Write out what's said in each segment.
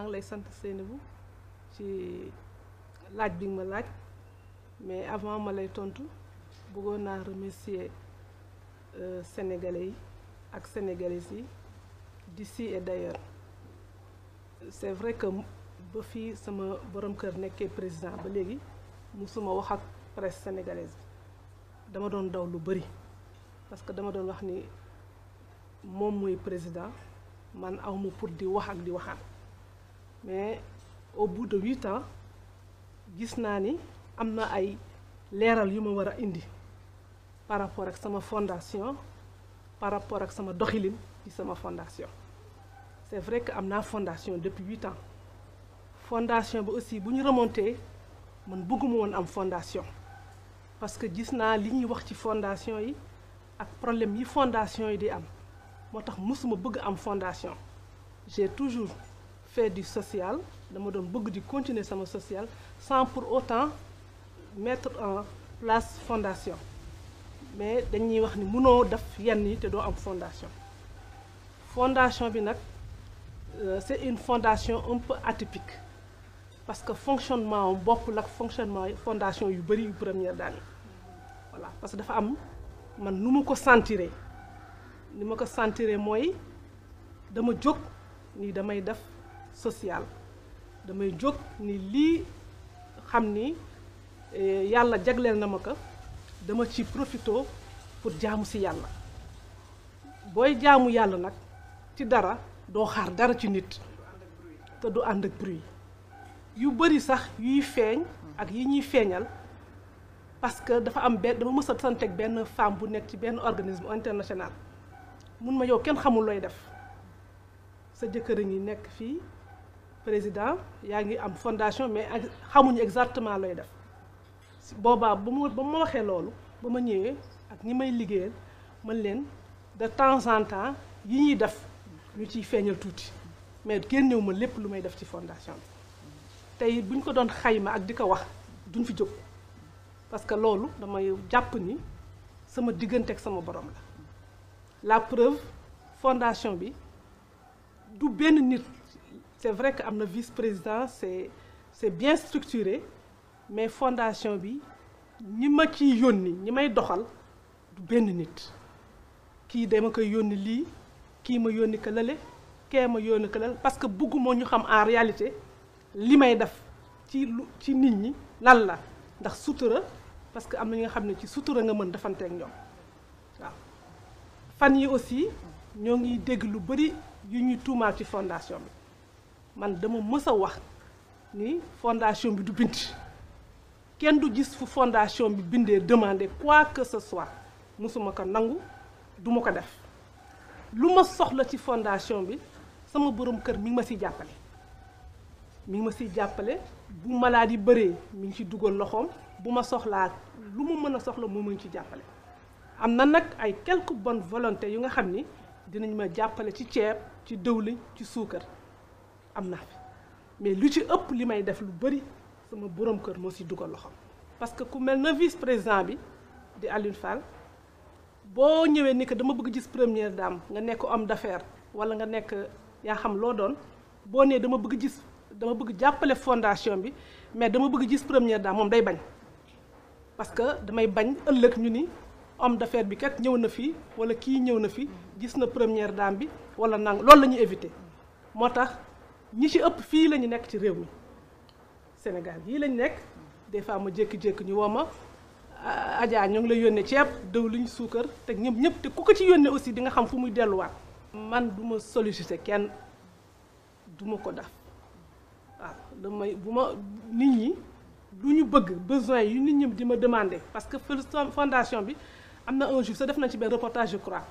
maa ngi lay sant Seynabou ci laaj bi ma laaj mais avant ma lay tontu bëggoon naa remercier euh, sénégalais yi ak sénégalaises yi d'ici et d'ailleurs c'est vrai que ba fii sama borom kër nekkee président ba léegi musuma wax ak presse sénégalaise bi dama doon daw lu bëri parce que dama doon wax ni moom mooy président man awma pour di wax ak di waxaan mais au bout de 8 ans gis naa ni am ay indi par rapport ak sama fondation par rapport ak sama doxilin ci sama fondation c'est vrai que amna fondation depuis 8 ans fondation si aussi bu ñu remonté man bëgguma won am fondation parce que gis naa li ñuy wax ci fondation yi ak problème yi fondation yi di am motax musuma bëgg am fondation j'ai toujours Faire du social dama veux di continuer sama social sans pour autant mettre en place fondation mais dañuy wax ni mënoo def yenn te am fondation fondation bi euh, c'est une fondation un peu atypique parce que fonctionnement am bokkul la fonctionnement fondation yu bari première voilà parce que dafa am man nu ko sentiré. Nima ko sentiré moy dama jóg ni damay def sociale damay jóg ni lii xam ni eh, yàlla jagleel na ma ko dama ci profito pour jaamu si yàlla booy jaamu yàlla nag ci dara do xaar dara ci nit te du ànd ak bruit yu bari sax yuy feeñ ak yi ñuy feñal parce que dafa am benn dama mësa a sant ak benn femme bu nekk ci ben organisme international mun ma yow kenn xamul loy def sa jëkkër a ngi nekk fii président yaa ngi am fondation mais xamuñu exactement looy def boobaa ba mu ba ma waxee loolu ba ma ñëwee ak ñi may liggéeyal mën leen de temps en temps yi ñuy def ñu ciy feeñal tuuti mais génnewu ma lépp lu may def ci fondation bi tey bu ñu ko doon xayma ak di ko wax duñ fi jóg parce que loolu damay jàpp ni sama diggante ak sama borom la la preuve fondation bi du benn nit c'est vrai que am vice-président c'est c'est bien structuré mais fondation bi ñi ma ciy yónni ñi may doxal du benn nit kii dama koy yónni qui kii ma yónni ko lale kee ma yónni ko lale parce que bëgguma ñu xam en réalité li may def ci ci nit ñi lan la ndax sutura parce que am na nga xam ci sutura nga mën defanteeg ñoom waaw fan yi aussi ñoo ngi dégg lu bari yu ñu tuuma ci fondation bi man dama mës wax ni fondation bi du bind kenn du gis fu fondation bi bindee demander quoi que ce soit mësuma ko nangu duma ko def lu ma soxla ci fondation bi sama borom kër mi ngi ma ci jàppale mi ngi ma si jàppale bu maladie bëree mi ngi ci dugal loxoom bu ma soxlaa lu mu mën a soxla moom mu ngi ci jàppale am na nag ay quelques bon volontés yu nga xam ni dinañ ma jàppale ci ceeb ci dëwlin ci suukar mais lu ci ëpp li may def lu je sama borom kër mo ci duggal parce que comme mel vice président de di Alioune Fall bo ñëwé ni que dama première dame nga nekk homme d'affaires wala nga nekk ya xam lo doon dama fondation mais dama bëgg gis première dame parce que damay bañ ëlëk ñu ni homme d'affaires bi kat ñëw na fi wala ki ñëw fi première dame bi wala nang ñi ci ëpp fii la ñu nekk ci réew mi Sénégal yii lañ nekk des fois ma jékki-jékki ñu woo ma ajaa ah, ñoo ngi lay yónnee ceeb diwlin suukar te ñëpp ñëpp te ku ko ci yónnee aussi di nga xam fu muy delluwaat. man du ma sollicité kenn duma ko def waaw damay bu ma nit ñi lu ñu bëgg besoin yu nit ñi di ma demande parce que fondation bi am na un jour def nañ ci benn reportage je crois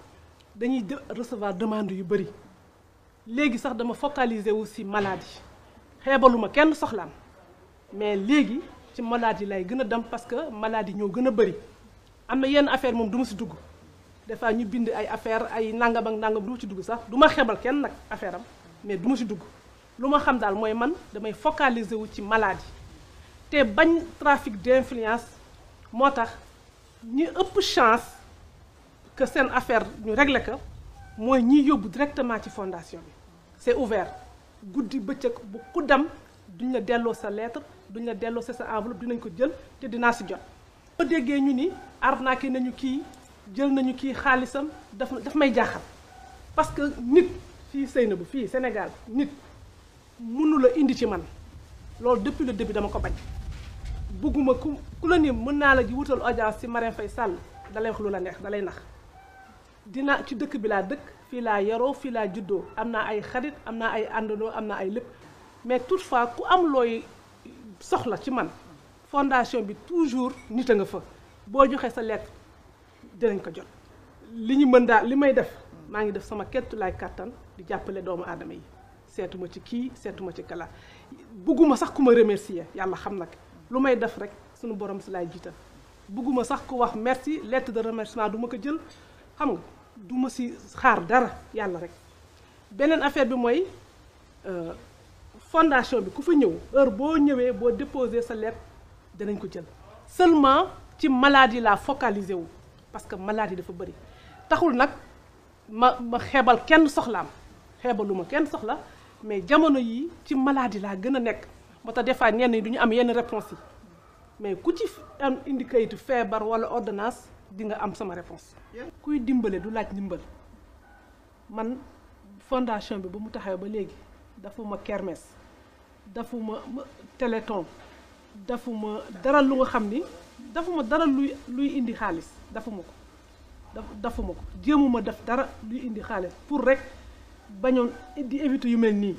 dañuy recevoir demande yu bëri. léegi sax dama focaliser wu si maladie xeebaluma kenn soxlaam mais léegi ci maladie lay gën a dem parce que maladie ñoo gën a bëri am na yenn affaire moom du ma si dugg des fois ñu bind ay affaire ay nangam ak nangam du ma si dugg sax du ma xebal kenn nag affaire am mais du ma si dugg lu ma xam daal mooy man damay focaliser wu ci maladie te bañ trafic d'influence moo tax ñi ëpp chance que seen affaire ñu régler ko mooy ñiy yóbbu directement ci fondation c'est ouvert Goudi bëccëg bu ku duñ la fait. sa lettre duñ enveloppe dinañ ko jël jot. daf parce que nit Sénégal nit mënu la indi ci man depuis le début dama ko bañ ku ku la ni mëna la ji wutal audience ci ce que Sall dalay dina ci dëkk bi fii laa yaroo fii laa juddoo am naa ay xarit am naa ay àndandoo am naa ay lépp mais tout fois ku am looy soxla ci man fondation bi toujours nit a nga fa boo joxee sa lettre dinañ ko jot. li ñu mën daal li may def maa ngi def sama kettu laay kàttan di jàppale doomu aadama yi seetuma ci kii seetuma ci kala bugguma sax ku ma remercier yàlla xam nag lu may def rek sunu borom si laay jiital bugguma sax ku wax merci lettre de remerciement du ma ko jël xam nga. du si xaar dara yalla rek benen affaire bi mooy euh, fondation bi ku fa heure bo ñewé bo déposé sa lettre danañ ko jël seulement ci maladie la focaliser wu parce que maladie dafa bari taxul nak ma ma xeebal kenn soxlam xébaluma kenn soxla mais jamono yi ci maladie la gëna nek nekk moo tax des am yenn réponse mais ku ci am indi kayitu feebar wala ordonnance di nga am réponse du man fondation bi mu ba dafuma kermesse dafuma téléthon dafuma dara lu nga dara indi dafuma ko dafuma ko Dieu dara indi pour rek di éviter yu mel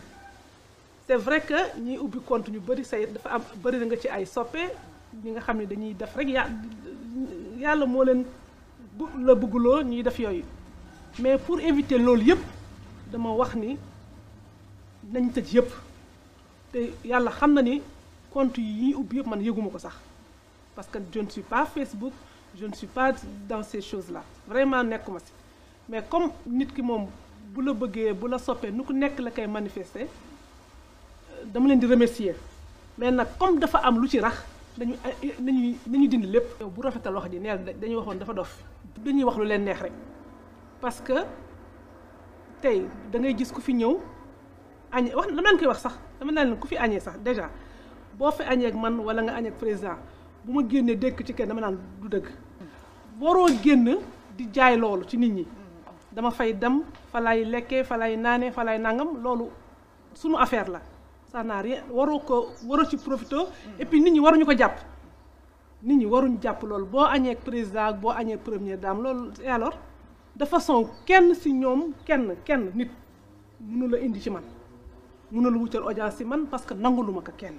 c'est vrai que ni ubi compte ñu dafa am nga ci ay yalla mo len bu la bëgguloo ñuy def yooyu mais pour éviter loolu yëpp dama wax ni nañ tëj yëpp te yàlla xam na ni compte yi ñuy ubbi yëpp man yëguma ko sax parce que je ne suis pas Facebook je ne suis pas dans ces choses là vraiment nekkuma si mais comme nit ki moom bu la bëggee bu la soppee nu ku nekk la koy manifester dama leen di remercier mais nag comme dafa am lu ci rax dañuy dañuy dañuy dindi lépp. bu rafetal wax ji neel dañuy waxoon dafa dof dañuy wax lu leen neex rek parce que tey dangay gis ku fi ñëw añee wax dama lañ koy wax sax dama naan ku fi añee sax déjà boo fi añee ak man wala nga añee président bu ma génnee dëkk ci kenn dama naan du dëgg. waroo génn di jaay loolu ci nit ñi. dama fay dem fa lekkee fa laay naanee falaay laay nangam loolu sunu affaire la. ça n'a rien Waro ko waro ci profité et puis nit ñi waruñu ko japp nit ñi waruñu jàpp loolu boo añee président ak boo añee première dame lool et alors de façon kenn si ñom kenn kenn nit mënu la indi ci man mënu la wutal audience ci man parce que nanguluma ma ko kenn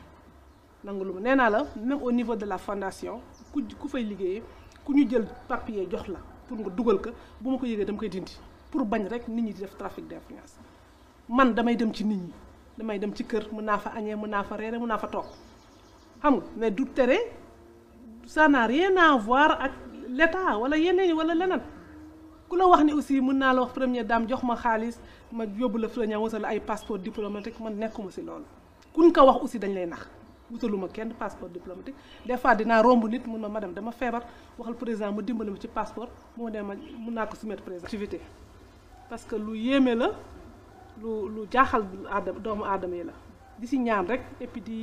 nanguluma ma la même au niveau de la fondation ku ku fay liggéey ku ñu jël papier jox la pour nga duggal ko bu ma ko yégué dama koy dindi pour bañ rek nit ñi di def trafic d'influence man damay dem ci nit ñi damay dem ci kër mën naa fa añee mën naa fa reere mën naa fa toog xam nga mais du tere ça n'a rien voir ak leta wala yeneen wala leneen ku la wax ni aussi mën naa la wax première dame jox ma xaalis ma yóbbu la fële ña wasal ay passeport diplomatique man nekkuma si loolu kun ko wax aussi dañ lay nax wutaluma kenn passeport diplomatique des fois dinaa romb nit mun ma dem dama feebar waxal président ma dimbali ma ci passeport moo dem ma mun naa ko soumettre président activité parce que lu yéeme la lu lu jaaxal aadama doomu aadama yi la di si ñaan rek et di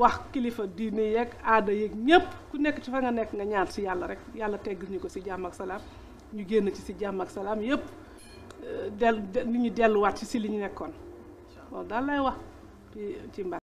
wax kilifa diine yeeg aada yeeg ñëpp ku nekk ci fa nga nekk nga ñaan si yàlla rek yàlla tegg ñu ko si jàmm ak salaam ñu génn ci si jàmm ak salaam yëpp euh, del nit ñi delluwaat ci si li ñu nekkoon loolu daal lay wax ci ci mbaa